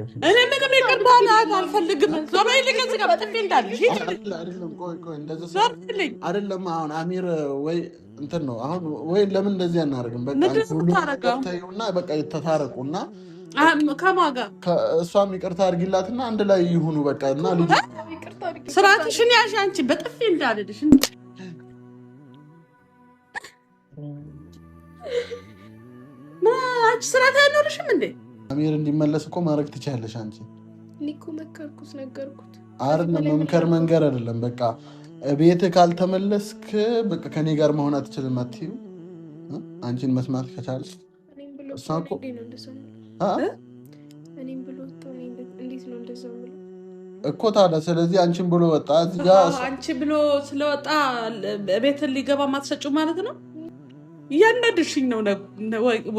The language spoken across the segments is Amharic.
እኔ አይደለም። አሁን አሚር ወይ እንትን ነው አሁን ወይ ለምን እንደዚህ አናደርግም? በቃ በቃ ተታረቁና እሷም ይቅርታ አድርጊላትና አንድ ላይ ይሁኑ በቃ እና ልጅ ስርዓትሽን ያሽ አንቺ በጥፊ እንዳልልሽ ስርዓት አይኖርሽም እንዴ? አሚር እንዲመለስ እኮ ማድረግ ትችያለሽ አንቺ። እኔ እኮ መከርኩት፣ ነገርኩት። አይደለም መምከር መንገር አይደለም። በቃ ቤት ካልተመለስክ በቃ ከኔ ጋር መሆን አትችልም አትዩ። አንቺን መስማት ከቻል እኮ እኮ ታዲያ ስለዚህ አንቺን ብሎ ወጣ። አንቺ ብሎ ስለወጣ ቤትን ሊገባ ማትሰጩ ማለት ነው። እያናድሽኝ ነው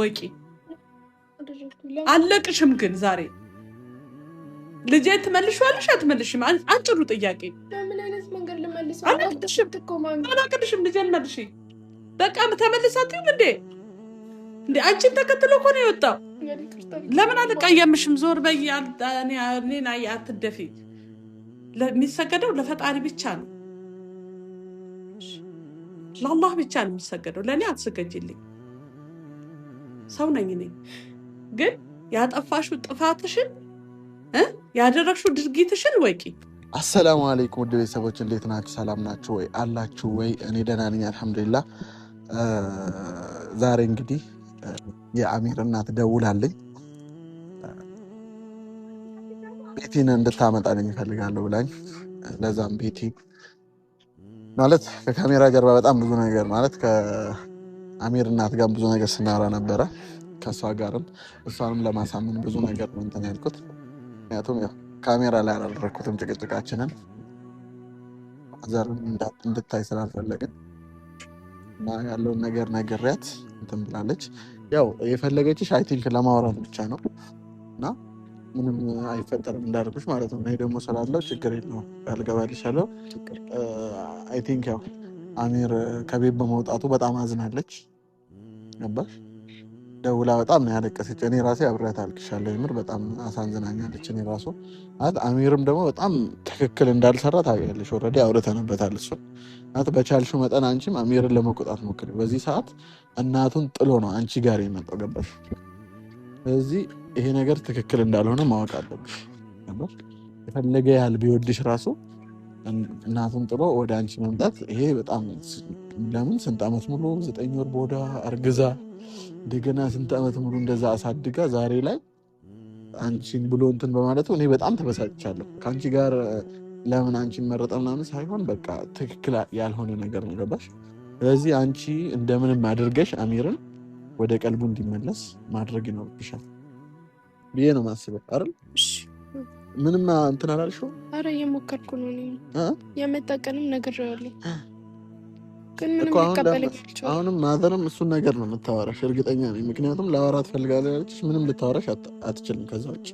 ወቂ አለቅሽም ግን ዛሬ ልጄ ትመልሺዋለሽ አትመልሽም? አጭሩ ጥያቄ አላቅድሽም። ልጄ መልሽ። በቃ ተመልሳትም እንዴ እንዴ አንቺን ተከትሎ እኮ ነው የወጣው። ለምን አልቀየምሽም? ዞር በይ እኔን አትደፊ። የሚሰገደው ለፈጣሪ ብቻ ነው፣ ለአላህ ብቻ ነው የሚሰገደው። ለእኔ አትስገጅልኝ፣ ሰው ነኝ እኔ። ግን ያጠፋሽው ጥፋትሽን ያደረግሽው ድርጊትሽን ወቂ። አሰላሙ አለይኩም ውድ ቤተሰቦች እንዴት ናችሁ? ሰላም ናችሁ ወይ? አላችሁ ወይ? እኔ ደህና ነኝ አልሐምዱሊላ። ዛሬ እንግዲህ የአሚር እናት ደውላለኝ ቤቲን እንድታመጣልኝ የሚፈልጋለሁ ብላኝ፣ ለዛም ቤቲ ማለት ከካሜራ ጀርባ በጣም ብዙ ነገር ማለት ከአሚር እናት ጋር ብዙ ነገር ስናወራ ነበረ ከእሷ ጋርም እሷንም ለማሳመን ብዙ ነገር ነው እንትን ያልኩት። ምክንያቱም ካሜራ ላይ አላደረግኩትም ጭቅጭቃችንን ዘርም እንድታይ ስላልፈለግን እና ያለውን ነገር ነግሬያት እንትን ብላለች። ያው የፈለገችሽ አይ ቲንክ ለማውራት ብቻ ነው እና ምንም አይፈጠርም እንዳልኩሽ ማለት ነው። እኔ ደግሞ ስላለው ችግር የለውም ያልገባልሻለው። አይ ቲንክ ያው አሚር ከቤት በመውጣቱ በጣም አዝናለች። ነበር ደውላ በጣም ነው ያለቀሰች። እኔ ራሴ አብሬያት አልቅሻለሁ። የምር በጣም አሳዝናኛለች። እኔ ራሱ ማለት አሚርም ደግሞ በጣም ትክክል እንዳልሰራ ታውቂያለሽ። ኦልሬዲ አውርተንበታል። እሱን ማለት በቻልሽው መጠን አንቺም አሚርን ለመቆጣት ሞክሪ። በዚህ ሰዓት እናቱን ጥሎ ነው አንቺ ጋር የመጣው ገባሽ? ስለዚህ ይሄ ነገር ትክክል እንዳልሆነ ማወቅ አለብሽ። የፈለገ ያህል ቢወድሽ ራሱ እናቱን ጥሎ ወደ አንቺ መምጣት ይሄ በጣም ለምን ስንት ዓመት ሙሉ ዘጠኝ ወር ቦዳ አርግዛ እንደገና ስንት ዓመት ሙሉ እንደዛ አሳድጋ ዛሬ ላይ አንቺን ብሎ እንትን በማለት እኔ በጣም ተበሳጭቻለሁ። ከአንቺ ጋር ለምን አንቺን መረጠ ምናምን ሳይሆን በቃ ትክክል ያልሆነ ነገር ነው። ገባሽ? ስለዚህ አንቺ እንደምንም አድርገሽ አሚርን ወደ ቀልቡ እንዲመለስ ማድረግ ይኖርብሻል ብዬ ነው ማስበው አይደል? ምንም እንትን አላልሽው? አረ እየሞከርኩ ነው። የመጣ ቀንም ያለ አሁንም ማዘርም እሱን ነገር ነው የምታወራሽ፣ እርግጠኛ ነኝ። ምክንያቱም ለአወራ ፈልጋለሁ ምንም ልታወራሽ አትችልም። ከዛ ውጭ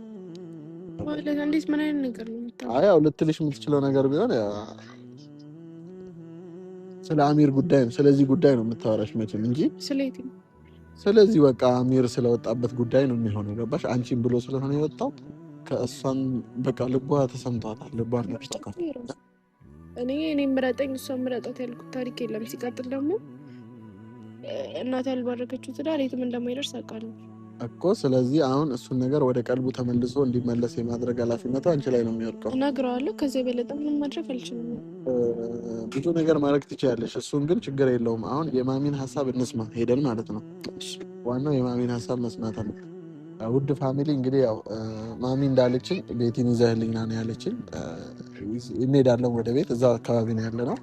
ምን ነገር ያው ልትልሽ የምትችለው ነገር ቢሆን ስለ አሚር ጉዳይ ነው፣ ስለዚህ ጉዳይ ነው የምታወራሽ መቼም እንጂ ስለዚህ በቃ አሚር ስለወጣበት ጉዳይ ነው የሚሆነው። ገባሽ? አንቺን ብሎ ስለሆነ የወጣው ከእሷን በቃ ልቧ ተሰምቷታል። ልቧ እኔ እኔ ምረጠኝ እሷ ምረጣት ያልኩት ታሪክ የለም። ሲቀጥል ደግሞ እናት ያልባረከችው ትዳር የትም እንደማይደርስ አውቃለሁ እኮ። ስለዚህ አሁን እሱን ነገር ወደ ቀልቡ ተመልሶ እንዲመለስ የማድረግ ኃላፊነቱ አንቺ ላይ ነው የሚወድቀው። እነግረዋለሁ። ከዚህ የበለጠ ምንም ማድረግ አልችልም። ብዙ ነገር ማድረግ ትችላለሽ። እሱን ግን ችግር የለውም። አሁን የማሚን ሀሳብ እንስማ ሄደን ማለት ነው። ዋናው የማሚን ሀሳብ መስማት አለ ውድ ፋሚሊ እንግዲህ ያው ማሚ እንዳለችን ቤቲን ይዘህልኝና ነው ያለችን፣ እንሄዳለን ወደ ቤት፣ እዛ አካባቢ ነው ያለ ነው።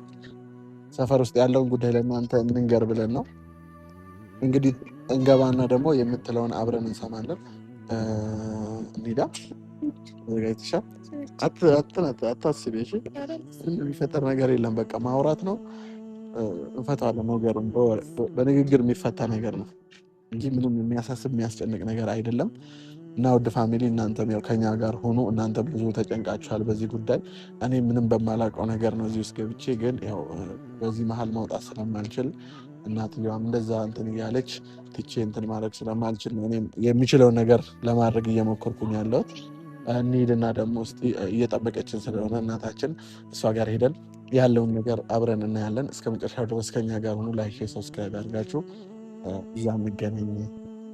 ሰፈር ውስጥ ያለውን ጉዳይ ለእናንተ እንንገር ብለን ነው እንግዲህ። እንገባና ደግሞ የምትለውን አብረን እንሰማለን። እንሂዳ ተዘጋጅተሻል? አታስቢ፣ የሚፈጠር ነገር የለም። በቃ ማውራት ነው፣ እንፈታዋለን። ነገሩን በንግግር የሚፈታ ነገር ነው። እንጂ ምንም የሚያሳስብ የሚያስጨንቅ ነገር አይደለም። እና ውድ ፋሚሊ እናንተም ያው ከኛ ጋር ሆኖ እናንተ ብዙ ተጨንቃችኋል በዚህ ጉዳይ። እኔ ምንም በማላውቀው ነገር ነው እዚህ ውስጥ ገብቼ፣ ግን ያው በዚህ መሀል ማውጣት ስለማልችል እናትየዋም እንደዛ እንትን እያለች ትቼ እንትን ማድረግ ስለማልችል ነው እኔም የሚችለውን ነገር ለማድረግ እየሞከርኩኝ ያለሁት። እንሂድና ደግሞ ውስጥ እየጠበቀችን ስለሆነ እናታችን እሷ ጋር ሄደን ያለውን ነገር አብረን እናያለን። እስከ መጨረሻው ድረስ ከኛ ጋር ሆኑ። ላይክ ሰብስክራይብ አድርጋችሁ እዛ እንገናኝ።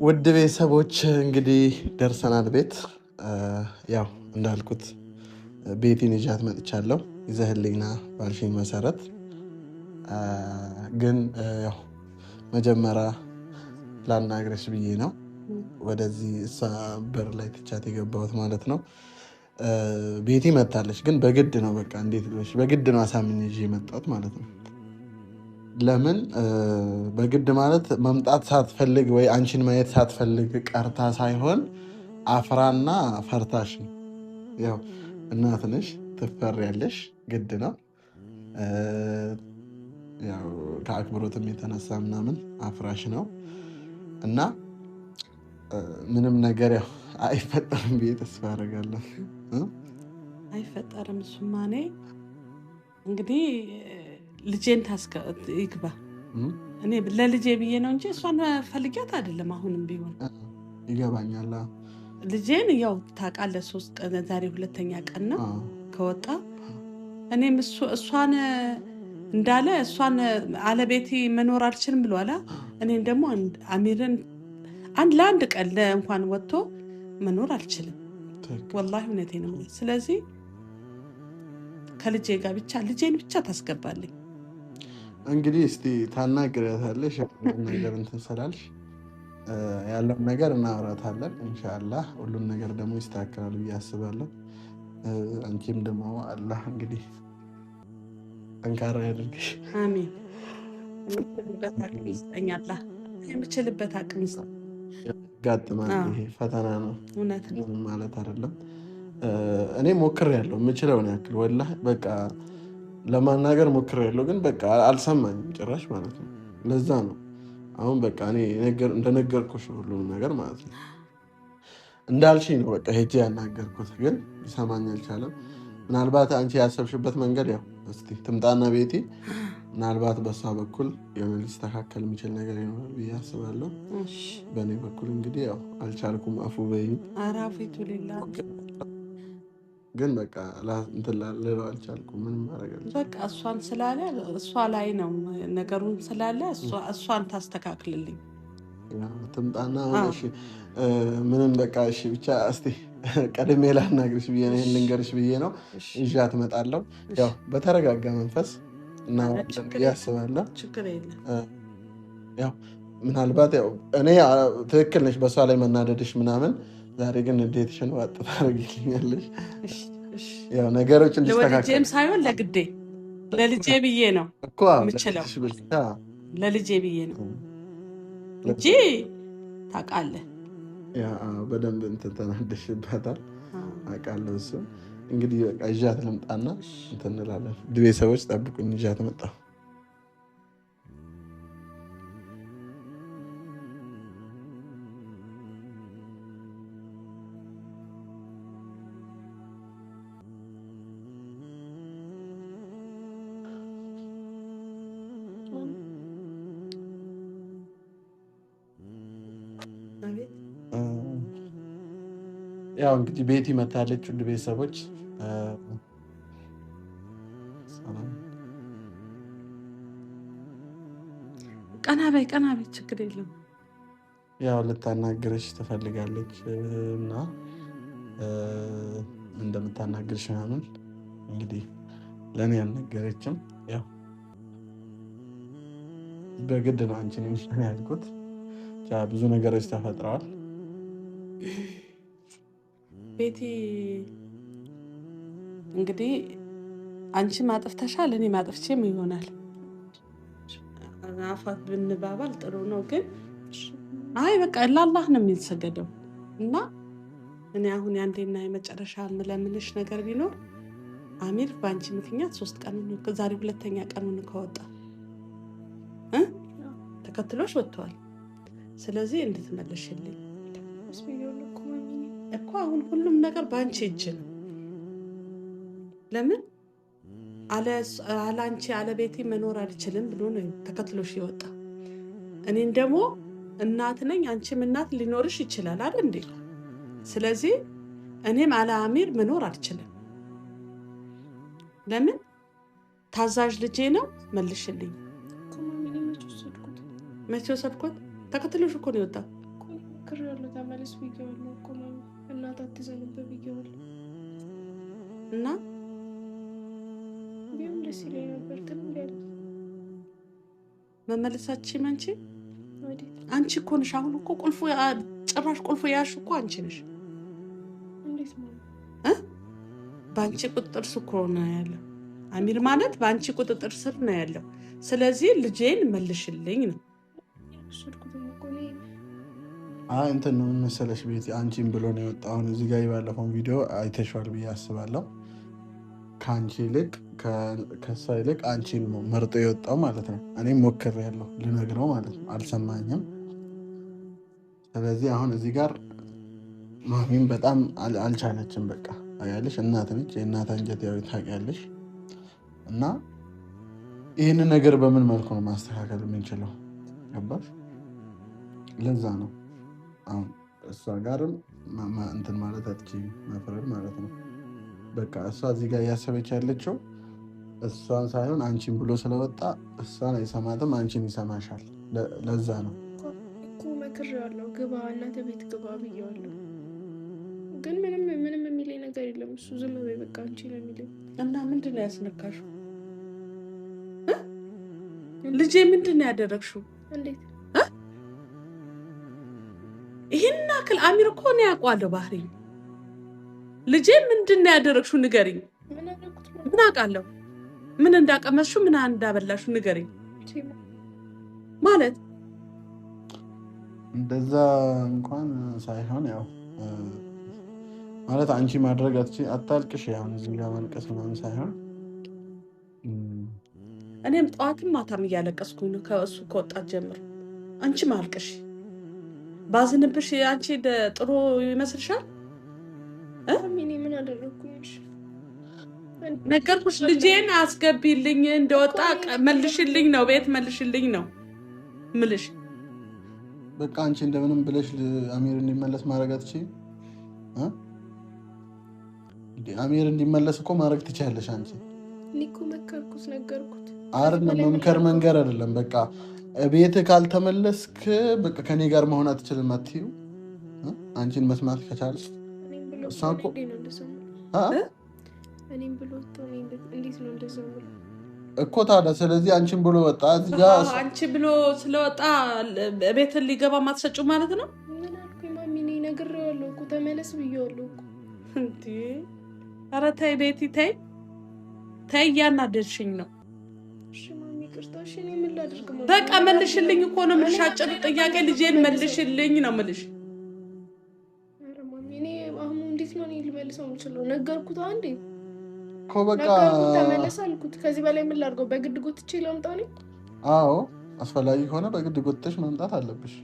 ውድ ቤተሰቦች እንግዲህ ደርሰናል ቤት። ያው እንዳልኩት ቤቴን ይዣት መጥቻለሁ። ይዘህልኝና ባልሽኝ መሰረት ግን ያው መጀመሪያ ላናግረሽ ብዬ ነው ወደዚህ እሷ በር ላይ ትቻት የገባሁት ማለት ነው። ቤቲ መታለች፣ ግን በግድ ነው በቃ እንዴት በግድ ነው አሳምኝ ይዤ የመጣሁት ማለት ነው። ለምን በግድ ማለት መምጣት ሳትፈልግ ወይ አንቺን ማየት ሳትፈልግ ቀርታ ሳይሆን አፍራና ፈርታሽ ነው። ያው እናትንሽ ትፈሪያለሽ፣ ግድ ነው። ያው ከአክብሮትም የተነሳ ምናምን አፍራሽ ነው እና ምንም ነገር ያው አይፈጠርም ብዬ ተስፋ አደርጋለሁ። አይፈጠርም ሱማኔ እንግዲህ ልጄን ይግባ። እኔ ለልጄ ብዬ ነው እንጂ እሷን ፈልጊያት አይደለም። አሁንም ቢሆን ይገባኛል። ልጄን ያው ታውቃለህ፣ ሶስት ቀን ዛሬ ሁለተኛ ቀን ነው ከወጣ። እኔም እሷን እንዳለ እሷን አለቤቴ መኖር አልችልም ብሏላ። እኔም ደግሞ አሚርን አንድ ለአንድ ቀን እንኳን ወጥቶ መኖር አልችልም። ወላሂ እውነቴ ነው። ስለዚህ ከልጄ ጋር ብቻ ልጄን ብቻ ታስገባለኝ። እንግዲህ እስቲ ታናግሪያታለሽ ነገር እንትን ስላልሽ ያለውን ነገር እናወራታለን። እንሻላ ሁሉም ነገር ደግሞ ይስተካከላል ብዬ አስባለሁ። አንቺም ደግሞ አላህ እንግዲህ ጠንካራ ያደርግሽ። አሜን። የምችልበት አቅም ይስጠኝ አቅም ይስጠኝ። ያጋጥማል፣ ይሄ ፈተና ነው። እውነት ነው ማለት አይደለም። እኔ ሞክሬያለሁ የምችለውን ያክል ወላሂ በቃ ለማናገር ያለው ግን በቃ አልሰማኝም ጭራሽ ማለት ነው። ለዛ ነው አሁን በቃ እኔ እንደነገርኩሽ ሁሉም ነገር ማለት ነው እንዳልሽኝ ነው። በቃ ሄጄ ያናገርኩት ግን ይሰማኝ አልቻለም። ምናልባት አንቺ ያሰብሽበት መንገድ ያው እስኪ ትምጣና ቤቴ ምናልባት በእሷ በኩል የሆነ ሊስተካከል የሚችል ነገር ይኖራል ብዬ አስባለሁ። በእኔ በኩል እንግዲህ ያው አልቻልኩም። አፉ በይኝ አራፊቱ ሌላ ግን በቃ እንትን ልለው አልቻልኩም። ምንም ማረግ በቃ እሷን ስላለ እሷ ላይ ነው ነገሩን ስላለ እሷን ታስተካክልልኝ ትምጣና ምንም በቃ እሺ ብቻ እስቲ ቀድሜ ላናግርሽ ብዬ ነው ይሄን ልንገርሽ ብዬ ነው እዣ ትመጣለው። ያው በተረጋጋ መንፈስ እናወራለን ብዬ ያው ምናልባት ያው እኔ ትክክል ነች በእሷ ላይ መናደድሽ ምናምን ዛሬ ግን እንዴትሽን ዋጥ ታደርጊልኛለሽ? ያው ነገሮች እንዲስተካከል ሳይሆን ለግዴ ለልጄ ብዬ ነው የምችለው፣ ለልጄ ብዬ ነው እንጂ ታውቃለህ፣ በደንብ እንትን ተናደሽበታል። አውቃለሁ። እሱ እንግዲህ በቃ እዣት ልምጣና እንትን እንላለን። ድቤ ሰዎች ጠብቁኝ፣ እዣት መጣሁ። ያው እንግዲህ ቤት ይመታለች ሁሉ ቤተሰቦች ቀና በይ ቀና በይ፣ ችግር የለም። ያው ልታናግርሽ ትፈልጋለች እና እንደምታናግርሽ ምናምን እንግዲህ ለእኔ አልነገረችም። ያው በግድ ነው አንቺን ያልኩት። ብዙ ነገሮች ተፈጥረዋል። ቤቲ እንግዲህ አንቺ ማጥፍተሻል፣ እኔ ማጥፍቼም ይሆናል። አፋት ብንባባል ጥሩ ነው፣ ግን አይ በቃ ለአላህ ነው የሚሰገደው። እና እኔ አሁን የአንዴና የመጨረሻ ምለምንሽ ነገር ቢኖር አሚር በአንቺ ምክንያት ሶስት ቀን ዛሬ ሁለተኛ ቀኑን ከወጣ ተከትሎች ወጥተዋል። ስለዚህ እንድትመለሽልኝ እኮ አሁን ሁሉም ነገር በአንቺ እጅ ነው። ለምን አለ አለቤቴ መኖር አልችልም ብሎ ነው ተከትሎሽ የወጣ። እኔም ደግሞ እናት ነኝ፣ አንቺም እናት ሊኖርሽ ይችላል አለ እንዴ። ስለዚህ እኔም አለ አሚር መኖር አልችልም። ለምን ታዛዥ ልጄ ነው፣ መልሽልኝ። መቼ ወሰድኩት? ተከትሎሽ እኮ ነው የወጣ እናት አትዘንብብ ብዬዋል እና ቢሆን ደስ ይለኝ ነበር። ትንያለ መመለሳችን አንቺ አንቺ እኮ ነሽ። አሁን እኮ ቁልፎ ጭራሽ ቁልፎ ያሽ እኮ አንቺ ነሽ። በአንቺ ቁጥጥር ስር እኮ ነው ያለው አሚር ማለት በአንቺ ቁጥጥር ስር ነው ያለው። ስለዚህ ልጄን መልሽልኝ ነው እንትን ነው መሰለሽ ቤት አንቺን ብሎ ነው የወጣ። አሁን እዚህ ጋር ባለፈውን ቪዲዮ አይተሽዋል ብዬ አስባለሁ። ከአንቺ ይልቅ ከእሷ ይልቅ አንቺን መርጦ የወጣው ማለት ነው። እኔ እኔም ያለው ልነግረው ማለት ነው፣ አልሰማኝም። ስለዚህ አሁን እዚህ ጋር ማሚን በጣም አልቻለችም። በቃ ታውቂያለሽ፣ እናት ነች። የእናት አንጀት ያው ታውቂያለሽ። እና ይህንን ነገር በምን መልኩ ነው ማስተካከል የምንችለው? ገባሽ? ለዛ ነው አሁን እሷ ጋርም እንትን ማለት አትች መፍረድ ማለት ነው። በቃ እሷ እዚህ ጋር እያሰበች ያለችው እሷን ሳይሆን አንቺን ብሎ ስለወጣ እሷን አይሰማትም፣ አንቺን ይሰማሻል። ለዛ ነው እኮ መክሬዋለሁ፣ ግባ እናትህ ቤት ግባ ብዬዋለሁ። ግን ምንም ምንም የሚለኝ ነገር የለም። እሱ ዝም በይ በቃ አንቺ ነው የሚለኝ። እና ምንድን ነው ያስነካሽው? ልጄ ምንድን ነው ያደረግሽው? እንዴት ያክል አሚር እኮ እኔ ያውቀዋለሁ ባህሪ ልጄ ምንድን ነው ያደረግሽው? ንገሪኝ። ምን አውቃለሁ? ምን እንዳቀመስሹ ምን እንዳበላሹ ንገሪኝ። ማለት እንደዛ እንኳን ሳይሆን ያው ማለት አንቺ ማድረግ አትች አታልቅሽ። ያሁን እዚህ ጋር ማልቀስ ምናምን ሳይሆን እኔም ጠዋትም ማታም እያለቀስኩኝ ነው ከእሱ ከወጣት ጀምሮ አንቺ ማልቀሽ ባዝንብሽ አንቺ ጥሩ ይመስልሻል? ነገርኩሽ። ልጄን አስገቢልኝ እንደወጣ መልሽልኝ ነው ቤት መልሽልኝ ነው ምልሽ። በቃ አንቺ እንደምንም ብለሽ አሚር እንዲመለስ ማድረግ አትችይም? አሚር እንዲመለስ እኮ ማድረግ ትችያለሽ አንቺ። እኔ እኮ መከርኩት፣ ነገርኩት። መምከር መንገር አይደለም በቃ ቤት ካልተመለስክ በቃ ከኔ ጋር መሆን አትችልም አትዩ። አንቺን መስማት ከቻልሽ እኮ ታዲያ፣ ስለዚህ አንቺን ብሎ ወጣ። አንቺ ብሎ ስለወጣ ቤትን ሊገባ ማትሰጩ ማለት ነው። ነግሬዋለሁ እኮ ተመለስ ብዬዋለሁ እኮ። ኧረ ተይ ቤቲ ተይ ተይ፣ እያናደድሽኝ ነው። በቃ መልሽልኝ እኮ ነው የምልሽ። አጭር ጥያቄ ልጄን መልሽልኝ ነው የምልሽ። እንዴት ነው ልመልሰው የምችለው? በቃ ተመለስ ከዚህ በላይ ምን ላድርገው? በግድ ጎትቼ ላምጣው እኔ? አዎ አስፈላጊ ከሆነ በግድ ጎትተሽ መምጣት አለብሽ።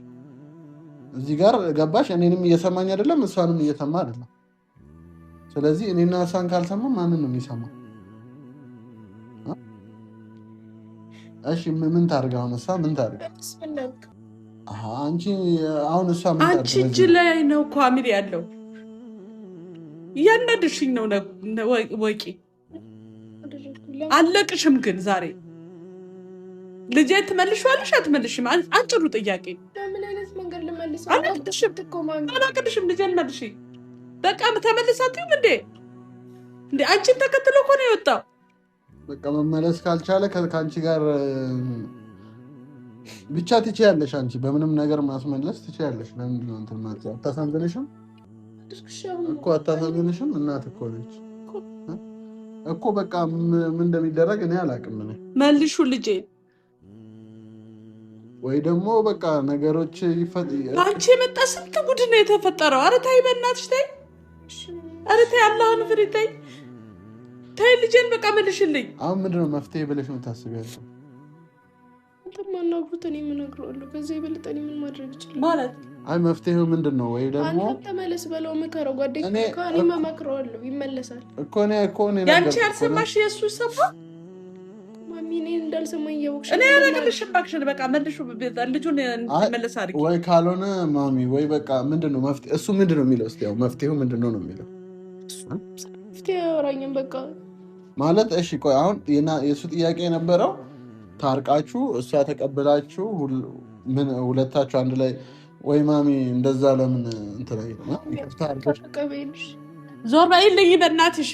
እዚህ ጋር ገባሽ? እኔንም እየሰማኝ አይደለም፣ እሷንም እየሰማ አይደለም። ስለዚህ እኔና እሷን ካልሰማ ማንን ነው የሚሰማው? እሺ ምን ታርግ? አሁን እሷ ምን ታርግ? አንቺ አሁን እሷ ምን አንቺ እጅ ላይ ነው እኮ አሚር ያለው እያናደሽኝ ነው። ወቂ አለቅሽም። ግን ዛሬ ልጄ ትመልሺዋለሽ አትመልሽም? አጭሩ ጥያቄ አላቅድሽም። ልጄን መልሽ። በቃ ተመልሳትም እንዴ! እንዴ አንቺን ተከትሎ እኮ ነው የወጣው በቃ መመለስ ካልቻለ ከአንቺ ጋር ብቻ ትችያለሽ። አንቺ በምንም ነገር ማስመለስ ትችያለሽ። ለምንድን ነው እንትን ማለት አታሳዝንሽም እኮ አታሳዝንሽም? እናት እኮ ነች እኮ በቃ ምን እንደሚደረግ እኔ አላውቅም። እኔ መልሹ ልጄ ወይ ደግሞ በቃ ነገሮች አንቺ የመጣ ስንት ጉድ ነው የተፈጠረው። ኧረ ተይ በእናትሽ ተይ፣ ኧረ ተይ አላሁን ፍሪ ተይ ታይ ልጄን በቃ መልሽልኝ። አሁን ምንድን ነው መፍትሄ ብለሽ የምታስቢያለሽ? አንተም እኔ የበለጠ እኔ ምን ማድረግ ይችላል ማለት አይ መፍትሄው ምንድን ነው? ወይ ደግሞ ተመለስ በለው፣ ምከረው። ጓደኛዬ እመክረዋለሁ ይመለሳል እኮ እኔ እኮ እኔ ያንቺ ያልሰማሽ የእሱ ሰማ። ማሚ እኔ እንዳልሰማኝ እያወቅሽ እኔ ያረግልሽ እባክሽን፣ በቃ መልሹ ልጁን እንዲመለስ አድርጊ። ወይ ካልሆነ ማሚ ወይ በቃ ምንድን ነው መፍትሄ? እሱ ምንድን ነው የሚለው? እስኪ ያው መፍትሄው ምንድን ነው ነው የሚለው? መፍትሄ አያወራኝም በቃ ማለት እሺ፣ ቆይ አሁን የእሱ ጥያቄ የነበረው ታርቃችሁ እሷ ተቀብላችሁ ምን ሁለታችሁ አንድ ላይ ወይ ማሚ እንደዛ ለምን ዞር በይልኝ በእናትሽ።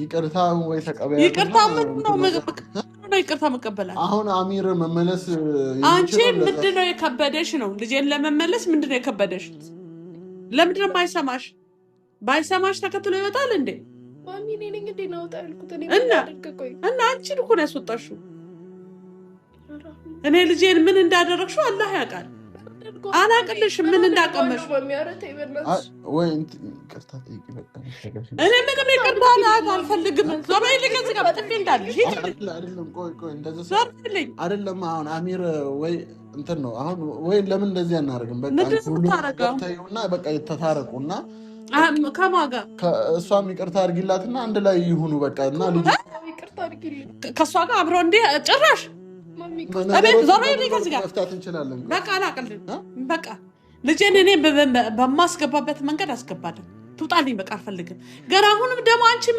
ይቅርታ ወይ ተቀበያ ይቅርታ ይቅርታ መቀበላል። አሁን አሚር መመለስ አንቺ ምንድነው የከበደሽ ነው? ልጄን ለመመለስ ምንድነው የከበደሽ? ለምንድነው ባይሰማሽ ባይሰማሽ ተከትሎ ይወጣል እንዴ? ማሚ እኔ ነኝ እንዴ ናውጣ ያልኩት እና እና አንቺን እኮ ነው ያስወጣሽው። እኔ ልጄን ምን እንዳደረግሽው አላህ ያውቃል። አላቅልሽ ምን እንዳቀመሽ እኔ ምንም አሁን አሚር ወይ እንትን ነው አሁን ወይ ለምን እንደዚህ አናደርግም? በቃ በቃ ተታረቁና ከእሷም ይቅርታ አድርጊላትና አንድ ላይ ይሁኑ በቃ እና ከእሷ ጋር አብሮ እንደ ጭራሽ መፍታት እንችላለን። በቃ አላቅልን በቃ ልጄን እኔ በማስገባበት መንገድ አስገባለን። ትውጣልኝ በቃ አልፈልግም። ገና አሁንም ደግሞ አንቺም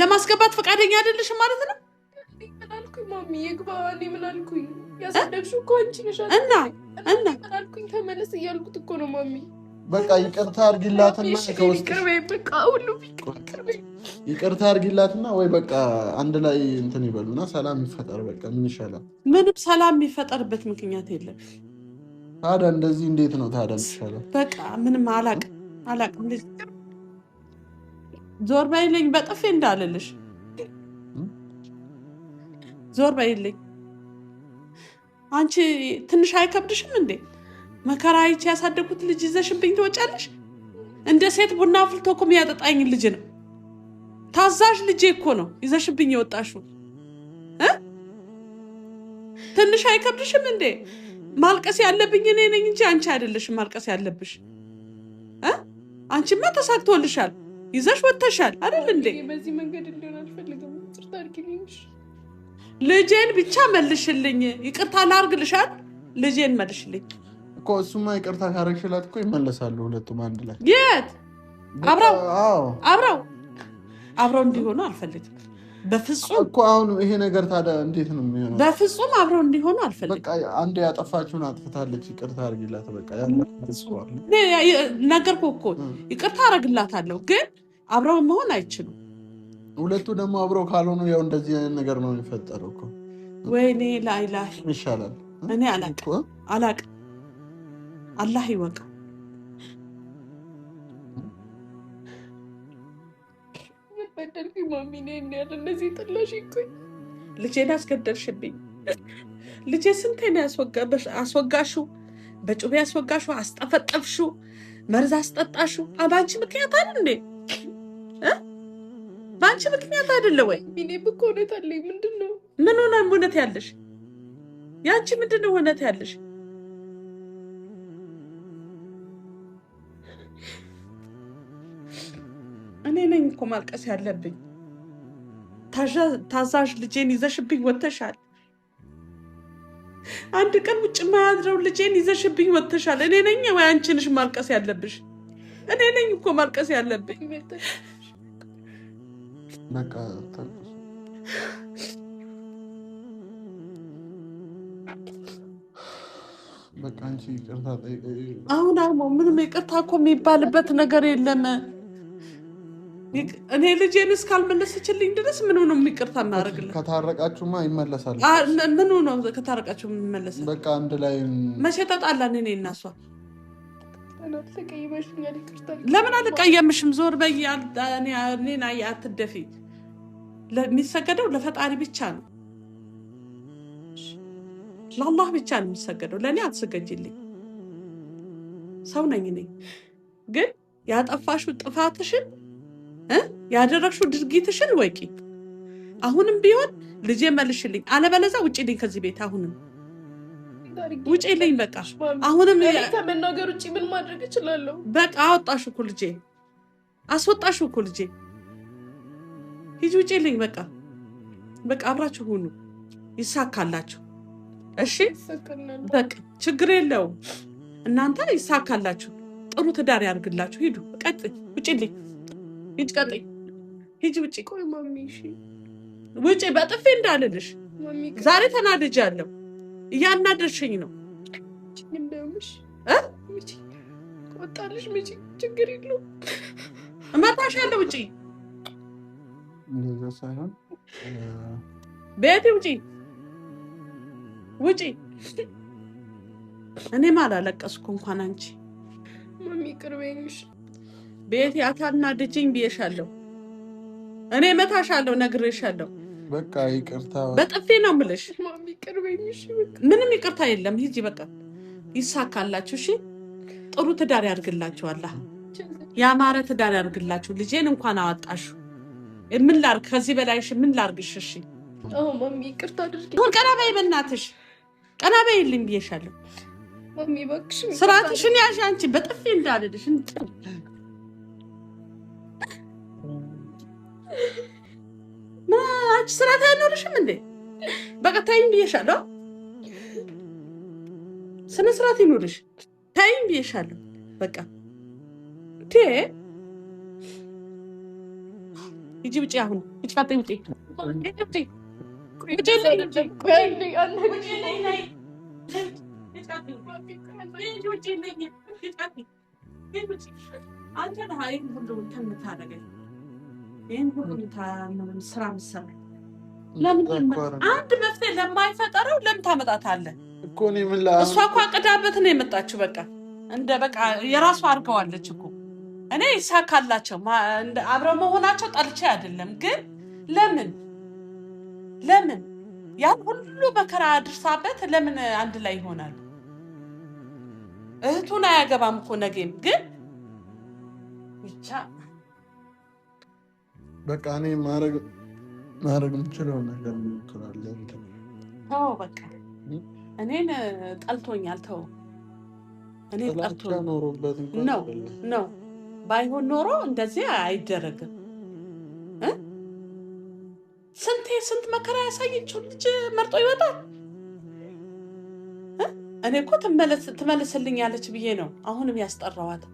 ለማስገባት ፈቃደኛ አይደለሽም ማለት ነው። እና እና ተመለስ እያልኩት እኮ ነው ማሚ በቃ ይቅርታ አድርጊላትና ይቅርታ አድርጊላትና ወይ በቃ አንድ ላይ እንትን ይበሉና ሰላም ይፈጠር። በቃ ምን ይሻላል? ምንም ሰላም የሚፈጠርበት ምክንያት የለም። ታዲያ እንደዚህ እንዴት ነው ታዲያ ይሻላል? በቃ ምንም አላቅም አላቅም። ዞር በይልኝ በጥፌ እንዳለልሽ ዞር በይልኝ። አንቺ ትንሽ አይከብድሽም እንዴ? መከራ አይቼ ያሳደግኩት ልጅ ይዘሽብኝ ትወጫለሽ? እንደ ሴት ቡና አፍልቶ እኮ የሚያጠጣኝ ልጅ ነው። ታዛዥ ልጄ እኮ ነው ይዘሽብኝ የወጣሽው። ትንሽ አይከብድሽም እንዴ? ማልቀስ ያለብኝ እኔ ነኝ እንጂ አንቺ አይደለሽም። ማልቀስ ያለብሽ አንቺማ ተሳክቶልሻል፣ ይዘሽ ወጥተሻል አይደል እንዴ? ልጄን ብቻ መልሽልኝ። ይቅርታ ላርግልሻል፣ ልጄን መልሽልኝ። እኮ እሱማ ይቅርታ ካረግሽላት እኮ ይመለሳሉ። ሁለቱም አንድ ላይ የት አብረው አብረው አብረው እንዲሆኑ አልፈልግም በፍጹም እኮ አሁን ይሄ ነገር ታዲያ እንዴት ነው የሚሆነው? በፍጹም አብረው እንዲሆኑ አልፈልግም። አንድ ያጠፋችሁን አጥፍታለች፣ ይቅርታ አርግላት። በቃ ነገርኩህ እኮ ይቅርታ አረግላታለሁ፣ ግን አብረው መሆን አይችሉም። ሁለቱ ደግሞ አብረው ካልሆኑ ያው እንደዚህ አይነት ነገር ነው የሚፈጠረው እኮ። ወይኔ ላይላ ይሻላል። እኔ አላቅም አላቅም አላህ ይወቅ። በደልኩኝ ማሚኔ ያለ እነዚህ ጥላሽ ይቆኝ ልጄን አስገደልሽብኝ። ልጄ ስንቴ ነው አስወጋሹ፣ በጩቤ አስወጋሹ፣ አስጠፈጠፍሹ፣ መርዝ አስጠጣሹ። በአንቺ ምክንያት አለ እንዴ? በአንቺ ምክንያት አይደለ ወይ? ሚኔ ብኮ እውነት አለኝ። ምንድን ነው ምን ሆነ እውነት ያለሽ? የአንቺ ምንድን ነው እውነት ያለሽ? እኔ ነኝ እኮ ማልቀስ ያለብኝ። ታዛዥ ልጄን ይዘሽብኝ ወተሻል አንድ ቀን ውጭ የማያድረው ልጄን ይዘሽብኝ ወተሻል። እኔ ነኝ ወይ ማልቀስ ያለብሽ? እኔ ነኝ እኮ ማልቀስ ያለብኝ። በቃ በቃ አንቺ ይቅርታ አሁን አሁን ምንም ይቅርታ እኮ የሚባልበት ነገር የለም። እኔ ልጄን እስካልመለሰችልኝ ድረስ ምኑ ነው የሚቅርታ እናደርግለን? ከታረቃችሁማ ይመለሳል። ምኑ ነው ከታረቃችሁ የምንመለሰው? በቃ አንድ ላይ መቼ እኔ እና ለምን አልቀየምሽም? ዞር በይ እኔን አትደፊ። የሚሰገደው ለፈጣሪ ብቻ ነው፣ ለአላህ ብቻ ነው የሚሰገደው። ለእኔ አትስገጅልኝ። ሰው ነኝ እኔ ግን ያጠፋሽው ጥፋትሽን ያደረግሽው ድርጊትሽን ወቂ። አሁንም ቢሆን ልጄ መልሽልኝ፣ አለበለዛ ልኝ ከዚህ ቤት አሁንም ልኝ። በቃ አሁንም ከመናገር ውጭ ምን ማድረግ እችላለሁ? በቃ አወጣሽ እኮ ልጄ፣ አስወጣሽ እኮ ልጄ። ሂጂ ልኝ። በቃ በቃ አብራችሁ ሁኑ፣ ይሳካላችሁ። እሺ በቃ ችግር የለውም። እናንተ ይሳካላችሁ፣ ጥሩ ትዳር ያድርግላችሁ። ሂዱ፣ ቀጥ ልኝ። ሂጅ፣ ቀጥይ፣ ሂጅ ቀጥይ ሂጅ ውጭ። ቆይ ማሚ፣ እሺ ውጪ። በጥፌ እንዳልልሽ ዛሬ ተናድጃለሁ። እያናደርሽኝ ነው። ወጣልሽ ምጪ፣ ችግር የለውም እመታሻለሁ። ውጪ፣ እንደዛ ሳይሆን ቤቴ ውጪ፣ ውጪ። እኔም አላለቀስኩ እንኳን አንቺ ማሚ ቅርበኝሽ ቤቴ አታናድጂኝ ብዬሻለሁ። እኔ መታሻለሁ፣ ነግሬሻለሁ። በቃ ይቅርታ፣ በጥፌ ነው የምልሽ። ምንም ይቅርታ የለም። ሂጂ በቃ ይሳካላችሁ። እሺ፣ ጥሩ ትዳር ያድርግላችሁ። ያድርግላችኋል። የአማረ ትዳር ያድርግላችሁ። ልጄን እንኳን አወጣሹ። ምን ላድርግ ከዚህ በላይ ምን ላርግሽ? እሺ፣ ማሚ ይቅርታ አድርጊ። አሁን ቀና በይ፣ በእናትሽ ቀና በይልኝ ብዬሻለሁ። ስርዓትሽን ያዥ። አንቺ በጥፊ እንዳልልሽ አንቺ ስራት አያኖርሽም እንዴ? በቃ ታይም ብዬሻለሁ። ስነ ስርዓት ይኖርሽ። ታይም ብዬሻለሁ። በቃ ቴ ይጂ ውጪ፣ አሁን ይጂ፣ ፋታ ውጪ፣ ውጪ ይህን ሁሉ ስራ ምሰራ አንድ መፍትሄ ለማይፈጠረው ለምን ታመጣታለህ? እሷ እኮ አቅዳበት ነው የመጣችው። በቃ እንደ በቃ የራሱ አድርገዋለች እኮ እኔ ይሳካላቸው አብረ መሆናቸው ጠልቼ አይደለም፣ ግን ለምን ለምን ያን ሁሉ መከራ አድርሳበት ለምን አንድ ላይ ይሆናል? እህቱን አያገባም እኮ ነገም ግን ብቻ በቃ እኔ ማድረግ ማድረግ የምችለው ነገር ሞክራለ። ተው በቃ እኔን ጠልቶኛል። ተው እኔ ጠልቶኖሮበት ነው ነው ባይሆን ኖሮ እንደዚህ አይደረግም። ስንቴ ስንት መከራ ያሳየችው ልጅ መርጦ ይወጣል። እኔ እኮ ትመልስልኛለች ብዬ ነው አሁንም ያስጠራዋት፣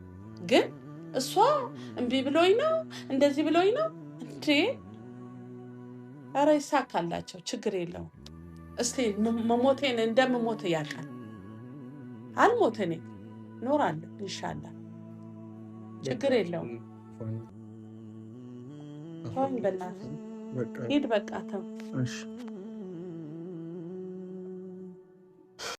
ግን እሷ እምቢ ብሎኝ ነው እንደዚህ ብሎኝ ነው እንዴ ኧረ ይሳካላቸው፣ ችግር የለው እስቲ መሞቴን እንደምሞት ያውቃል። አልሞት እኔ እኖራለሁ እንሻላ ችግር የለው ተወኝ በእናትህ ሂድ፣ በቃ ተው።